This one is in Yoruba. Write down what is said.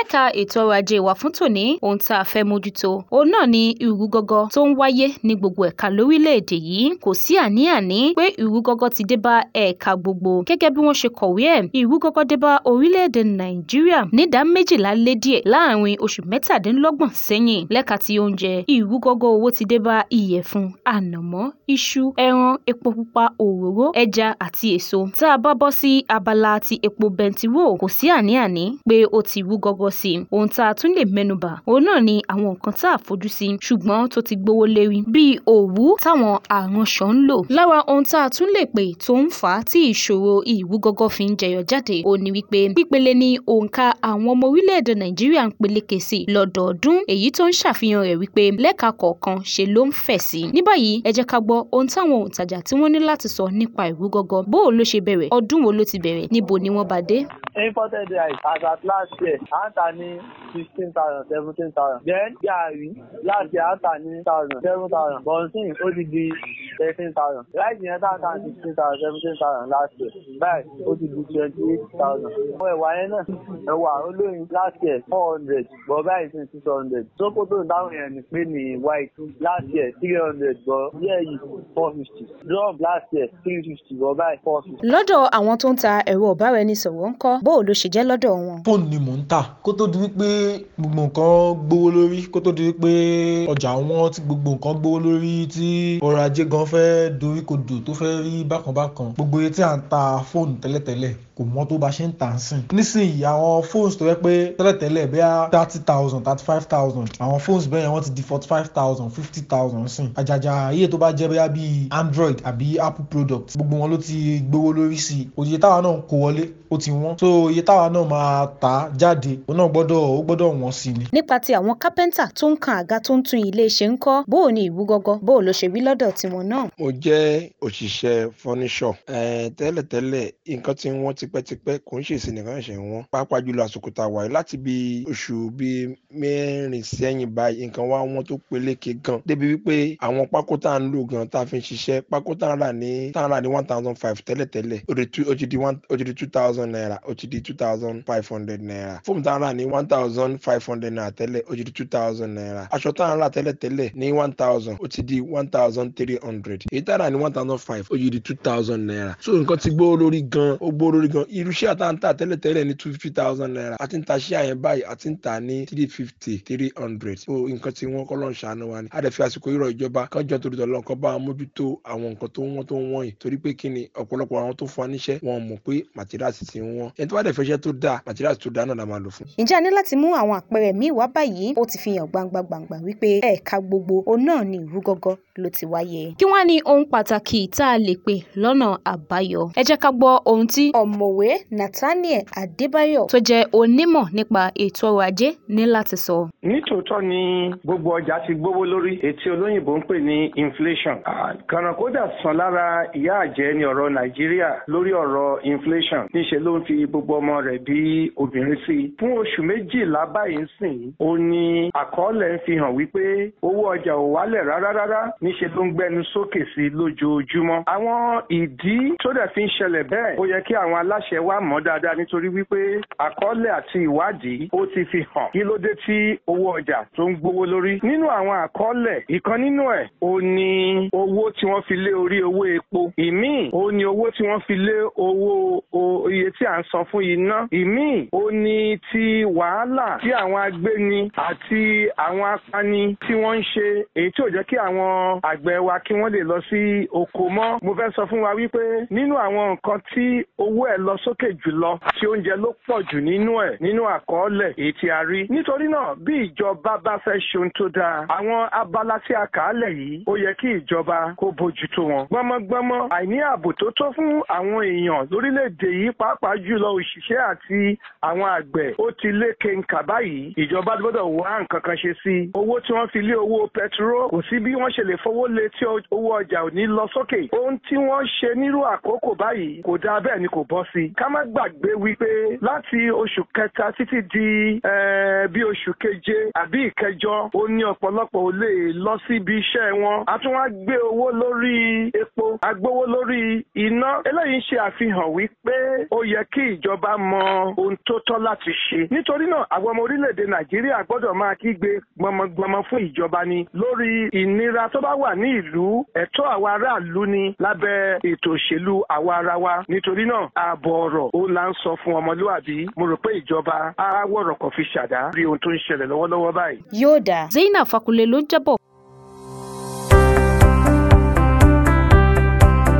lẹ́ka ètò ọrọ̀ ajé wa fún tòní ohun tá a fẹ́ mójútó òun náà ni ìrú gọ́gọ́ tó ń wáyé ní gbogbo ẹ̀ka lórílẹ̀‐èdè yìí kò sí àní-àní pé ìrú gọ́gọ́ ti dé bá ẹ̀ka gbogbo gẹ́gẹ́ bí wọ́n ṣe kọ̀wé ẹ̀ ìrú gọ́gọ́ dé bá orílẹ̀‐èdè nàìjíríà nídàá méjìlá lé díẹ̀ láàrin oṣù mẹ́tàdínlọ́gbọ̀n sẹ́yìn lẹ́ka ti oúnjẹ ìrú gọ́gọ́ owó ti dé bá ìyẹ̀fun ànàmọ́ iṣu ẹran epo pupa òróró ẹja àti èso tá a bá bọ́ sí abala ti epo bẹntiró kò sí àní-àní pé ó ti rú gọ́gọ́ pọ̀ sí i. Ohun tá a tún lè mẹ́nubà, òun náà ni àwọn nǹkan tá a fojú sí ṣùgbọ́n tó ti gbówó lérí bíi òwú táwọn aránṣọ ń lò. Lára ohun tá a tún lè pè tó ń fà á tí ìṣòro ìwúgọ́gọ́ fi ń jẹyọ jáde òun ni wípé pípele ni òǹkà àwọn ọmọ orílẹ̀-èdè Nàìjíríà ń peléke sí lọ́dọọdún èyí tó ń ṣàfihàn rẹ̀ wípé lẹ́ka kọ̀ọ̀kan ṣe ló ń fẹ̀ sí. Ní báyìí ẹ jẹ́ ká gbọ́ ohun táwọn òǹtajà tí wọ́n ní láti sọ nípa ìwúgọ́gọ́ bó o ló ṣe bẹ̀rẹ̀ ọdún wo ló ti bẹ̀rẹ̀ níbo ni wọ́n bá dé. imported rice as at last year time, I mean, sixteen thousand seventeen thousand then gààrí láti àtàní thousand seven thousand bọ̀nsìn ó ti thousand láìsí yẹn tá a sixteen thousand last year báyìí ó ti di twenty thousand. àwọn ẹ̀wà yẹn náà ẹ̀wà olóyin last year four hundred bọ̀ six hundred sókòtò táwọn yẹn ní pé ní white last year three hundred bọ̀ yẹ́ four fifty drum last year three fifty bọ̀ báyìí four fifty. lọ́dọ̀ àwọn tó ń ta ẹ̀rọ ọ̀bára ẹni sọ̀rọ̀ ń kọ́ bó o ló ṣe jẹ́ lọ́dọ̀ wọn. ni mò ń ta gbogbo nǹkan gbówó lórí kó tó di pé ọjà wọn tí gbogbo nǹkan gbówó lórí tí ọrọ̀ ajé gan fẹ́ doríkodò tó fẹ́ rí bákan bákan gbogbo iye tí à ń ta fóònù tẹ́lẹ̀tẹ́lẹ̀ kò mọ́ tó bá ṣe ń tà ń sìn. nísìnyí àwọn phones tó yẹ pé tẹ́lẹ̀tẹ́lẹ̀ bí thirty thousand thirty five thousand àwọn phones bẹ́ẹ̀ yẹn wọ́n ti di forty five thousand fifty thousand sìn. àjàjà iye tó bá jẹ́ bí android àbí apple product gbogbo wọn ló ti gbówó lórí sí i òye táwa náà kó wọlé ó ti wọ́n so iye táwa náà máa tà jáde òun náà gbọ́dọ̀ ó g gbọ́dọ̀ wọ́n sí ni. nípa ti àwọn kápẹ́ńtà tó ń kan àga tó ń tún ilé ṣe ń kọ́ bó o ní ìwú gọ́gọ́ bó o lọ ṣe wí lọ́dọ̀ tiwọn náà. mo jẹ́ òṣìṣẹ́ fọ́níṣọ̀ tẹ́lẹ̀tẹ́lẹ̀ nǹkan tí wọ́n tipẹ́tipẹ́ kò ń ṣèṣin nìkan ṣe wọ́n pàápàá jùlọ àsìkò tá a wà láti bí oṣù bíi mẹ́rin sẹ́yìn báyìí nǹkan wá wọn tó peléke gan débi wípé àwọn pákó tá à ń lò gan tá a fi ń ṣiṣẹ́ pákó tá à ń rà ní tá à ń rà ní one thousand five tẹ́lẹ̀tẹ́lẹ̀ ó ti di two thousand naira ó ti di two thousand five hundred naira fóònù tá à ń rà ní one thousand thousand five hundred naira tẹ́lẹ̀ ó ti di two thousand naira aṣọ tá à ń rà tẹ́lẹ̀ tẹ́lẹ̀ ní one thousand ó ti di one thousand three hundred èyí tá à rà ní one thousand five ó ti di two thousand naira so nǹkan ti gbówó lórí gan ó gbówó lórí gan irú ṣíà tẹ́lẹ̀ tẹ́lẹ̀ ní two fifty thousand naira àti ń ta ṣíà yẹn báyìí àti ń tà ní three fifty three hundred so nǹkan tí wọ́n kọ́ lọ́n ṣàánú wa ni a dẹ̀ fi àsìkò ìrọ̀ ìjọba kan jọ torí tọ̀lọ́ kan bá wọn mójútó àwọn nǹkan tó wọ́n tó wọ́n yìí torí pé kí ni ọ̀pọ̀lọpọ̀ àwọn tó fún wa níṣẹ́ wọn mọ̀ pé màtíráàsì ti wọ́n ẹni tó bá dẹ̀ fẹ́ tó dáa màtíráàsì tó dáa náà la máa lò fún. ǹjẹ́ a ní láti mú Mú àwọn àpẹẹrẹ míì wá báyìí, ó ti fi hàn gbangba gbàǹgbà wípé ẹ̀ka gbogbo òun náà ni ìrú ló ti wáyé. kí wá ní ohun pàtàkì tá a lè pè lọ́nà àbáyọ? ẹ jẹ́ ká gbọ́ ohun tí ọ̀mọ̀wé nathaniel adébáyọ̀ tó jẹ́ onímọ̀ nípa ètò ọrọ̀ ajé ní láti sọ. nítòótọ́ ni gbogbo ọjà ti gbówó lórí etí olóyìnbó ń pè ní inflation. kànáńkódà sàn lára ìyá àjẹ́ ni ọ̀rọ̀ nàìjíríà lórí ọ̀rọ̀ inflation níṣẹ́ ló ń fi gbogbo ọmọ rẹ̀ bí obìnrin sí i. fún oṣù méjìlá báyìí sìn ó ní àkọọ́lẹ̀ ń fi wípé owó ọjà ò wálẹ̀ rárá ní níṣe ló ń gbẹnu sókè sí i lójoojúmọ́. àwọn ìdí tó dẹ̀ fi ń ṣẹlẹ̀ bẹ́ẹ̀ ó yẹ kí àwọn aláṣẹ wa mọ̀ dáadáa nítorí wípé àkọọ́lẹ̀ àti ìwádìí ó ti fi hàn kí ló dé tí owó ọjà tó ń gbówó lórí. nínú àwọn àkọọ́lẹ̀ ìkan nínú ẹ̀ ò owó owó tí wọ́n fi lé orí owó epo ìmíì o ní owó tí wọ́n fi lé owó iye tí à ń san fún iná ìmíì ó ní ti wàhálà tí àwọn agbéni àti àwọn apani tí wọ́n ń ṣe èyí tí ò jẹ́ kí àwọn àgbẹ̀ wa kí wọ́n lè lọ sí oko mọ́ mo fẹ́ sọ fún wa wípé nínú àwọn nǹkan tí owó ẹ̀ lọ sókè jùlọ tí oúnjẹ ló pọ̀ jù nínú ẹ̀ nínú àkọọ́lẹ̀ èyí tí a rí nítorí náà bí ìjọba bá fẹ́ ṣe ohun tó dáa àwọn abala tí a kà á lẹ̀ yìí ó yẹ kí ìjọba kó bójútó wọn. gbọmọgbọmọ àìní ààbò tó tó fún àwọn èèyàn lórílẹ̀‐èdè yìí pàápàá jùlọ òṣìṣẹ́ àti àwọn àgbẹ̀ ó ti lé kéńkà báyìí ìjọba gbọ́dọ̀ wá nǹkan kan ṣe sí i. owó tí wọ́n fi lé owó pẹtiró kò sí bí wọ́n ṣe lè fowó lé tí owó ọjà ò ní lọ sókè. ohun tí wọ́n ṣe nírú àkókò báyìí kò dáa bẹ́ẹ̀ ni kò bọ́ sí i. ká má gbàgbé wípé láti oṣù kẹta títí di bí oṣù keje àbí ìkẹjọ ó ní ọ̀pọ̀lọpọ̀ ò lè lọ síbi iṣẹ́ wọn. a tún wá gbé owó agbówó lórí epo agbówó lórí iná eléyìí ń ṣe àfihàn wípé ó yẹ kí ìjọba mọ ohun tó tọ́ láti ṣe nítorí náà àwọn ọmọ orílẹ̀-èdè nàìjíríà gbọ́dọ̀ máa kígbe gbọmọgbọmọ fún ìjọba ni lórí ìnira tó bá wà ní ìlú ẹ̀tọ́ àwa aráàlú ni lábẹ́ ètò òṣèlú àwa ara wa nítorí náà ààbọ̀ ọ̀rọ̀ ó là ń sọ fún ọmọlúwàbí mo rò pé ìjọba á wọ̀rọ̀ kọ̀ fi ṣàdá rí ohun tó ń ṣẹlẹ̀ lọ́wọ́lọ́wọ́ báyìí. yóò dà Zainab Fakunle ló ń jábọ̀